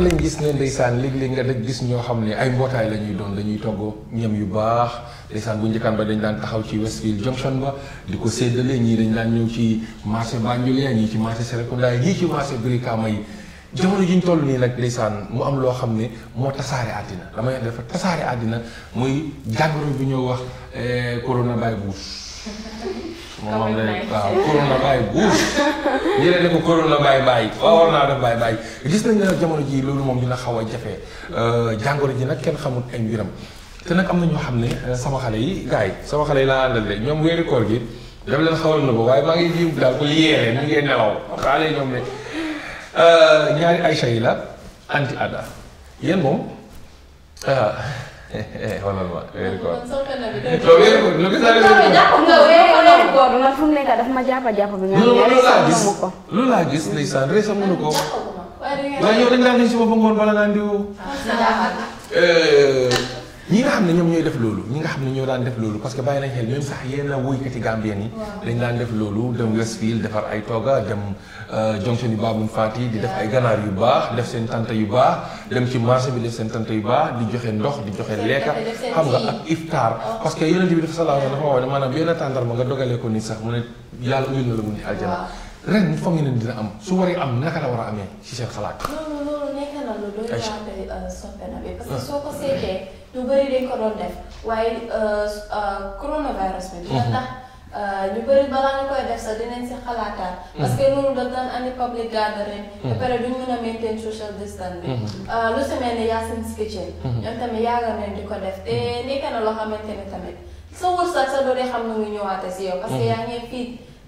noonu lañ gis ne ndeysaan léeg-léeg nga de gis ñoo xam ne ay mbootaay la ñuy doon dañuy togg ñam yu baax ndeysaan bu njëkkaan ba dañu daan taxaw ci Westfield Junction ba di ko séddale ñii dañ daan ñëw ci marché Banjul ya ñii ci marché Serekunda ñii ci marché Brikama yi jamono ji ñu toll nii nag ndeysaan mu am loo xam ne moo tasaare àddina damay dafa tasaare àddina muy jàngoro bu ñoo wax eh, coronavirus su ma na lay waaw corona bàyyi buuf yéen ne ko corona bàyyi bàyyi waaw war naa def bàyyi bàyyi gis nañ ne euh, jamono ji loolu moom dina xaw a jafe euh, jàngoro ji nag kenn xamul ay mbiram te nag am na ñoo xam ne euh, sama xale yi gars yi sama xale yi laa àndal de ñoom weeri koor gi daf leen xawal na ko waaye maa ngi jiw daal ko yeeree ñu ngeen nelaw xaale ñoom ne ñaari Aïcha yi la anti Ada yéen moom xoolal ma weeru koor lu gis naa ne waaye yow dañ si boppam ngoon bala naan ñi nga xam ne ñoom ñooy def loolu ñi nga xam ne ñoo daan def loolu parce que bàyyi nañ xel même sax yenn woykati gambien yi dañ daan def loolu dem Westfield defar ay tooga dem euh, jonction yu baax buñ faati di def ay ganaar yu baax def seen tante yu baax dem ci marché bi def seen tante yu baax di joxe ndox di joxe lekka xam nga ak iftaar oh. parce que yonent bi dafa sallallahu alayhi wa sallam dafa wax maanaam benn tàndarma nga dogalee ko nit sax mu ne yàlla uyul na la mu ni aljana ren foog ngeen dina am su waree am naka la war a amee ci seen xalaat. loolu loolu nekk na lu doy waar euh, soppe na bi. parce que ah. soo ko seetee lu bëri dañ ko doon def waaye euh, euh, coronavirus bi. dina mhm. tax ñu bëri balaa nga koy def sax dinañ si xalaataat. Mhm. parce que loolu daf daan andi public gathering. Mhm. ba pare duñ mën a maintain social distance bi. lu semee ne Yacine Kitchen. ñoom tamit yaagal nañ di ko def te nekk na loo xamante ne tamit sa wërsëg sa doo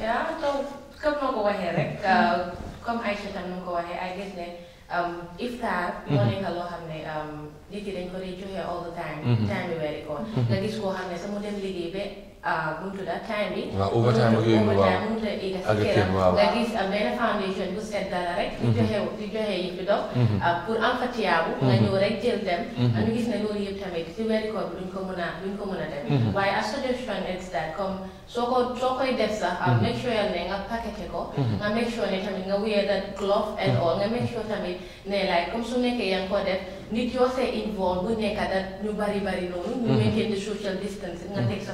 Ja, ya, kan dan kom nog wel herk. Kom eigenlijk dan nog wel herk. Um, iftaar. Mhm. moo nekk loo xam ne um, nit yi dañ ko dee joxe all the time. Mhm. time bi weeri koor mhm. nga gis koo xam ne sama dem liggéey ba ah uh, buntu la time bi. waaw overtime ak yooyu waaw overtime nga gis uh, benn foundation bu set dara rek. di joxe yi fi dox. Uh, pour am fa nga ñëw rek jël dem. ñu gis ne loolu yëpp tamit si weeri koor comme soo ko soo koy def sax. make sure ne nga paquete ko. nga make sure ne tamit nga wear that glove and all nga make sure tamit. ne like comme su nekkee yaa ngi ko def nit yoo see involve bu nekk da ñu bari bari noonu. Mhm. ñu maintain the social distance nga teg sa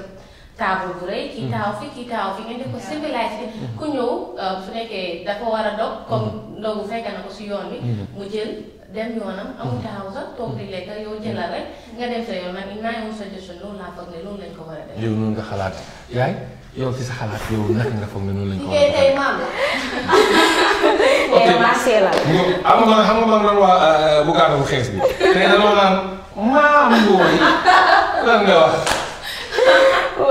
table bu rëy. kii mhm. taaw fi kii taaw fi ngeen di ko civilise bi mhm. ku ñëw euh, su nekkee dafa war a dog comme ndogu fekk na ko si yoon bi mu jël dem yoonam amul taxaw sax toog di lekk yow jëlal rek nga dem sa yoon man it maa ngi suggestion loolu laa foog ne loolu lañ ko war a def. yow noonu nga xalaat yaay yow ci sa xalaat yow naka nga foog ne noonu lañ ko am nga xam nga mag lan waa bu gàtt bu xees bi tey danoo naan maam booy lan nga wax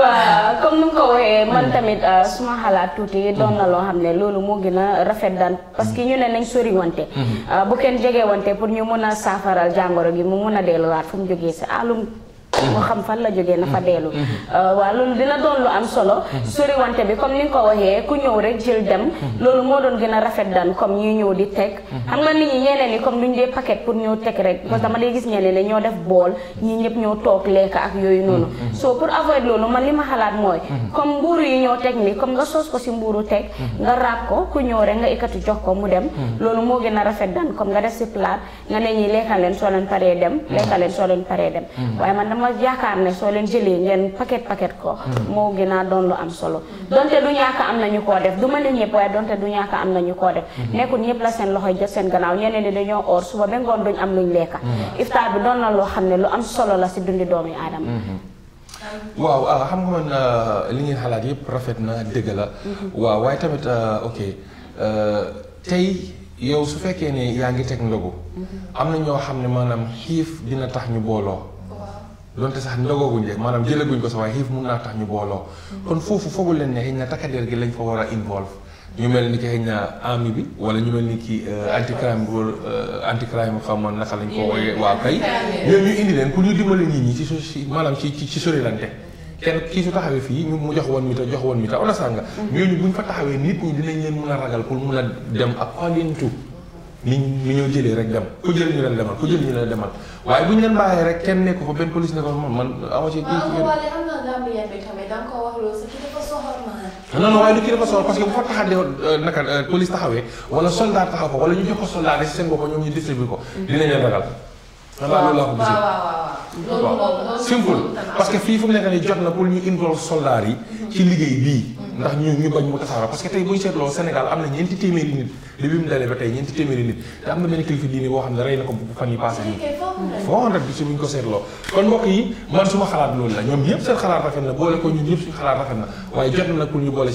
waaw comme ni ko waxee eh, man tamit eh, suma xalaat tuuti doon na loo xam ne loolu moo gën a rafet daan parce que ñu ne nañ sori wante mhm. eh, bu kenn jege wante pour ñu mun a saafaral jàngoro gi mu mun a delluwaat fu mu jógee si alum moo xam fan la jógee na fa mm-hmm. dellu mm-hmm. Euh, waaw loolu dina doon lu am solo mm-hmm. wante bi comme ni nga ko waxee ku ñëw rek jël dem loolu moo doon gën a rafet dan comme ñuy ñëw di teg xam nga nit ñi ñeneen comme lu dee paquet pour ñëw teg rek parce que dama dee gis ñeneen ne ñoo def bool ñi ñëpp ñoo toog lekk ak yooyu noonu so pour avoid loolu man li ma xalaat mooy comme mbuuru yi ñoo teg ni comme nga soos ko si mbuuru teg nga raab ko ku ñëw rek nga ikkatu jox ko mu dem loolu moo gën a rafet dan comme nga def si plat nga ne ñi lekkal leen soo leen paree dem lekkal leen soo leen paree dem waaye man dama yaakaar ne soo leen jëlee ngeen paquet paquet ko mm-hmm. moo gën a doon lu am solo donte du ñàkk am nañu koo def du ma ne donte du ñàkk am nañu koo def mm-hmm. nekkul ñëpp la seen loxoy jot seen gannaaw ñeneen ni dañoo oor suba ba ngoon duñ am ñu lekka mm-hmm. iftaar bi doon na loo xam ne lu am solo la si dundi doomi aadama waaw ah, xam nga man ah, li ngeen xalaat yëpp rafet na dëgg la waaw waaye tamit ah, ok tey yow su fekkee ne yaa ngi teg ndogu am na ñoo xam ne maanaam xiif dina tax ñu booloo donte sax ndogooguñ de maanaam jëlaguñ ko sax waaye xiif mun naa tax ñu booloo kon foofu foogu leen ne xëy na takkadeer gi lañ fa war a involve ñu mel ni ki xëy na army bi wala ñu mel ni ki euh, anti crime bi wala euh, anti crime xamoon naka lañ ko waa kay ñoom ñu indi leen pour ñu dimbale nit ñi ci su maanaam ci ci sorilante kenn kii su taxawee fii ñu mu jox woon mi ta jox woon mi ta ona sànga ñooñu buñ fa taxawee nit ñi dinañ leen mun a ragal pour mun a dem according to ni ñu ñoo jëlee rek dem ku jël ñu la demal ku jël ñu leen demal waaye bu ñu leen bàyyee rek kenn nekku fa benn police ne ko man ah, am ma. Ah, non non waaye du kii dafa soxor parce que bu fa taxatee euh, naka euh, police taxawee wala soldat taxaw ko wala ñu jox ko soldat rek seen bopp ñoom ñu distribué ko. la mm-hmm. leen ragal. xanaa loolu laa ko simple parce que fii fu mu nekk nii jot na pour ñu involve soldat yi. ci liggéey bii. Mhm. ndax ñu ñu bañ mu tasaara parce que tey bu ñu seetloo Sénégal am na ñeenti téeméeri nit li bi mu dalee ba tey ñeenti téeméeri nit te am na benn kilifa diine boo xam ne rey na ko fan yi passé nii foo rek bi si bu ñu ko seetloo kon mbokk yi man suma xalaat loolu la ñoom ñëpp seen xalaat rafet na boole ko ñun ñëpp suñu xalaat rafet na waaye jot na nag pour ñu boole